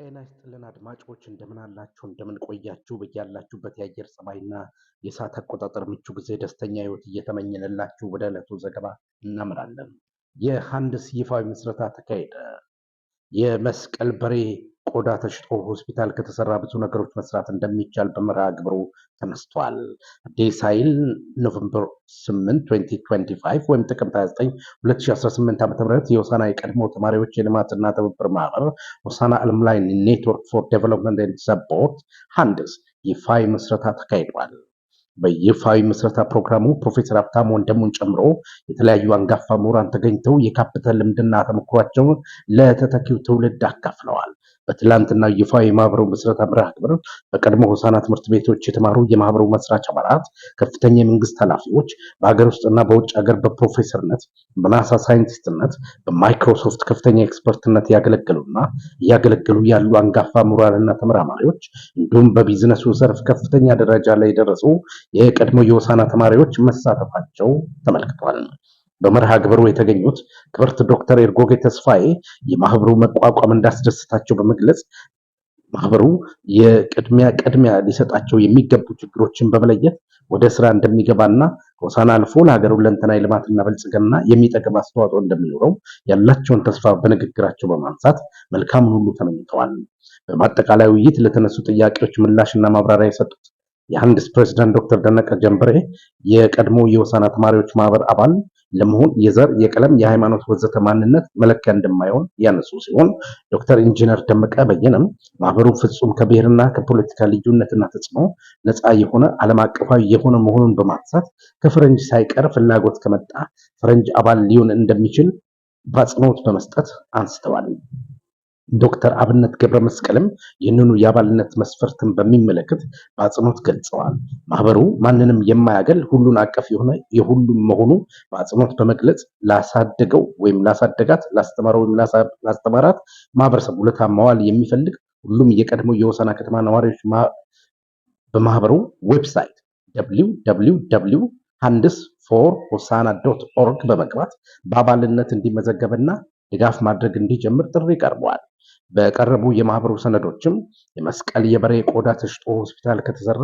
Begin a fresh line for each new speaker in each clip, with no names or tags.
ጤና ይስጥልን አድማጮች እንደምን አላችሁ? እንደምን ቆያችሁ? በያላችሁበት የአየር ጸባይና የሰዓት አቆጣጠር ምቹ ጊዜ ደስተኛ ህይወት እየተመኘንላችሁ ወደ ዕለቱ ዘገባ እናምራለን። የሀንድስ ይፋዊ ምስረታ ተካሄደ። የመስቀል በሬ ቆዳ ተሽጦ ሆስፒታል ከተሰራ ብዙ ነገሮች መስራት እንደሚቻል በመርሃ ግብሩ ተነስቷል። ዴሳይል ኖቨምበር 8 ወይም ጥቅምት 29 2018 ዓ ም የሆሳና የቀድሞ ተማሪዎች የልማትና ትብብር ማህበር ሆሳና ዓለም ላይ ኔትወርክ ፎር ዴቨሎፕመንት ሰፖርት ሀንድስ ይፋዊ ምስረታ ተካሂዷል። በይፋዊ ምስረታ ፕሮግራሙ ፕሮፌሰር ሀብታሙ ወንድሙን ጨምሮ የተለያዩ አንጋፋ ምሁራን ተገኝተው የካፒታል ልምድና ተሞክሯቸውን ለተተኪው ትውልድ አካፍለዋል። በትላንትና ይፋ የማህበሩ ምስረታ መርሃ ግብር በቀድሞ ሆሳና ትምህርት ቤቶች የተማሩ የማህበሩ መስራች አባላት፣ ከፍተኛ የመንግስት ኃላፊዎች፣ በሀገር ውስጥና በውጭ ሀገር በፕሮፌሰርነት፣ በናሳ ሳይንቲስትነት፣ በማይክሮሶፍት ከፍተኛ ኤክስፐርትነት ያገለገሉና እያገለገሉ ያሉ አንጋፋ ምሁራንና ተመራማሪዎች እንዲሁም በቢዝነሱ ዘርፍ ከፍተኛ ደረጃ ላይ የደረሱ የቀድሞ የሆሳና ተማሪዎች መሳተፋቸው ተመልክቷል። በመርሃ ግብሩ የተገኙት ክብርት ዶክተር ኤርጎጌ ተስፋዬ የማህበሩ መቋቋም እንዳስደስታቸው በመግለጽ ማህበሩ የቅድሚያ ቅድሚያ ሊሰጣቸው የሚገቡ ችግሮችን በመለየት ወደ ስራ እንደሚገባና ከሆሳዕና አልፎ ለሀገር ሁለንተናዊ ልማትና ብልጽግና የሚጠቅም አስተዋጽኦ እንደሚኖረው ያላቸውን ተስፋ በንግግራቸው በማንሳት መልካምን ሁሉ ተመኝተዋል። በማጠቃላይ ውይይት ለተነሱ ጥያቄዎች ምላሽና ማብራሪያ የሰጡት የአንድስ ፕሬዚዳንት ዶክተር ደነቀ ጀንበሬ የቀድሞ የሆሳዕና ተማሪዎች ማህበር አባል ለመሆን የዘር፣ የቀለም፣ የሃይማኖት ወዘተ ማንነት መለኪያ እንደማይሆን ያነሱ ሲሆን ዶክተር ኢንጂነር ደመቀ በየነም ማህበሩ ፍጹም ከብሔርና ከፖለቲካ ልዩነትና ተጽዕኖ ነፃ የሆነ ዓለም አቀፋዊ የሆነ መሆኑን በማንሳት ከፈረንጅ ሳይቀር ፍላጎት ከመጣ ፈረንጅ አባል ሊሆን እንደሚችል በአጽንኦት በመስጠት አንስተዋል። ዶክተር አብነት ገብረ መስቀልም ይህንኑ የአባልነት መስፈርትን በሚመለከት በአጽንኦት ገልጸዋል። ማህበሩ ማንንም የማያገል ሁሉን አቀፍ የሆነ የሁሉም መሆኑ በአጽንኦት በመግለጽ ላሳደገው ወይም ላሳደጋት፣ ላስተማረው ወይም ላስተማራት ማህበረሰብ ውለታ መዋል የሚፈልግ ሁሉም የቀድሞ የወሰና ከተማ ነዋሪዎች በማህበሩ ዌብሳይት www ሃንድስ ፎር ሆሳና ዶት ኦርግ በመግባት በአባልነት እንዲመዘገብና ድጋፍ ማድረግ እንዲጀምር ጥሪ ቀርቧል። በቀረቡ የማህበሩ ሰነዶችም የመስቀል የበሬ ቆዳ ተሽጦ ሆስፒታል ከተሰራ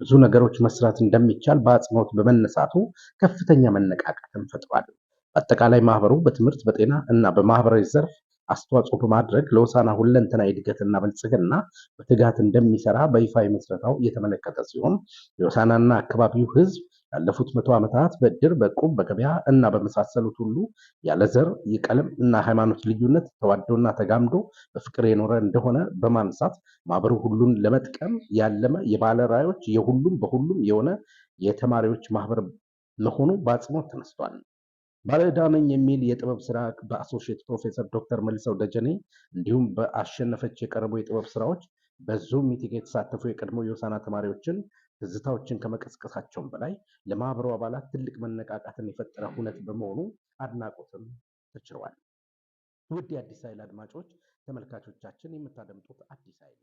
ብዙ ነገሮች መስራት እንደሚቻል በአጽንኦት በመነሳቱ ከፍተኛ መነቃቃትን ፈጥሯል። በአጠቃላይ ማህበሩ በትምህርት በጤና እና በማህበራዊ ዘርፍ አስተዋጽኦ በማድረግ ለሆሳዕና ሁለንተና እድገትና ብልጽግና በትጋት እንደሚሰራ በይፋ ምስረታው እየተመለከተ ሲሆን የሆሳዕናና አካባቢው ህዝብ ያለፉት መቶ ዓመታት በዕድር፣ በእቁብ፣ በገበያ እና በመሳሰሉት ሁሉ ያለ ዘር የቀለም እና ሃይማኖት ልዩነት ተዋዶና ተጋምዶ በፍቅር የኖረ እንደሆነ በማንሳት ማህበሩ ሁሉን ለመጥቀም ያለመ የባለ ራዕዮች የሁሉም በሁሉም የሆነ የተማሪዎች ማህበር መሆኑ በአጽንኦት ተነስቷል። ባለዕዳ ነኝ የሚል የጥበብ ስራ በአሶሽየት ፕሮፌሰር ዶክተር መልሰው ደጀኔ እንዲሁም በአሸነፈች የቀረቡ የጥበብ ስራዎች በዙም ሚቲንግ የተሳተፉ የቀድሞ የሆሳና ተማሪዎችን ትዝታዎችን ከመቀስቀሳቸውም በላይ ለማህበሩ አባላት ትልቅ መነቃቃትን የፈጠረ ሁነት በመሆኑ አድናቆትም ተችሏል። ውድ የአዲስ ኃይል አድማጮች ተመልካቾቻችን የምታደምጡት አዲስ ኃይል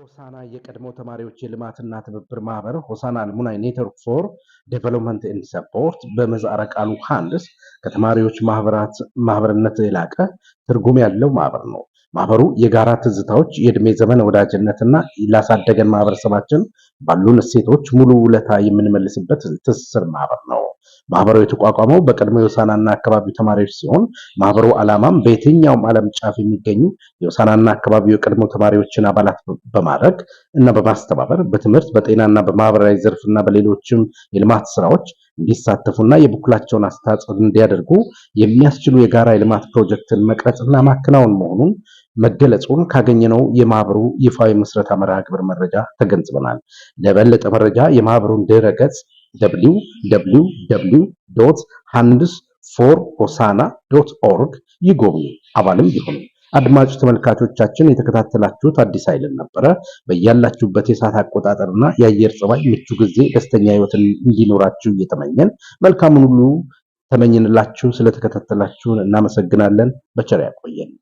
ሆሳና የቀድሞ ተማሪዎች የልማትና ትብብር ማህበር ሆሳና አልሙናይ ኔትወርክ ፎር ዴቨሎፕመንት ኤንድ ሰፖርት በምህጻረ ቃሉ ሀንድስ ከተማሪዎች ማህበራት ማህበርነት የላቀ ትርጉም ያለው ማህበር ነው። ማህበሩ የጋራ ትዝታዎች፣ የእድሜ ዘመን ወዳጅነትና ላሳደገን ማህበረሰባችን ባሉን እሴቶች ሙሉ ውለታ የምንመልስበት ትስስር ማህበር ነው። ማህበሩ የተቋቋመው በቀድሞ የሆሳናና አካባቢው ተማሪዎች ሲሆን ማህበሩ ዓላማም በየትኛውም ዓለም ጫፍ የሚገኙ የሆሳናና አካባቢው የቀድሞ ተማሪዎችን አባላት በማድረግ እና በማስተባበር በትምህርት በጤናና በማህበራዊ ዘርፍና በሌሎችም የልማት ስራዎች እንዲሳተፉና የበኩላቸውን አስተዋጽኦ እንዲያደርጉ የሚያስችሉ የጋራ የልማት ፕሮጀክትን መቅረጽና ማከናወን መሆኑን መገለጹን ካገኘነው የማህበሩ ይፋዊ ምስረታ መርሃ ግብር መረጃ ተገንዝበናል። ለበለጠ መረጃ የማህበሩን ድረ ገጽ www ሃንድስ ፎር ሆሳና ዶት ኦርግ ይጎብኙ፣ አባልም ይሁኑ። አድማጭ ተመልካቾቻችን የተከታተላችሁት አዲስ ኃይልን ነበረ። በያላችሁበት የሰዓት አቆጣጠርና የአየር ጸባይ ምቹ ጊዜ ደስተኛ ህይወትን እንዲኖራችሁ እየተመኘን መልካሙን ሁሉ ተመኝንላችሁ ስለተከታተላችሁን እናመሰግናለን። በቸር ያቆየን።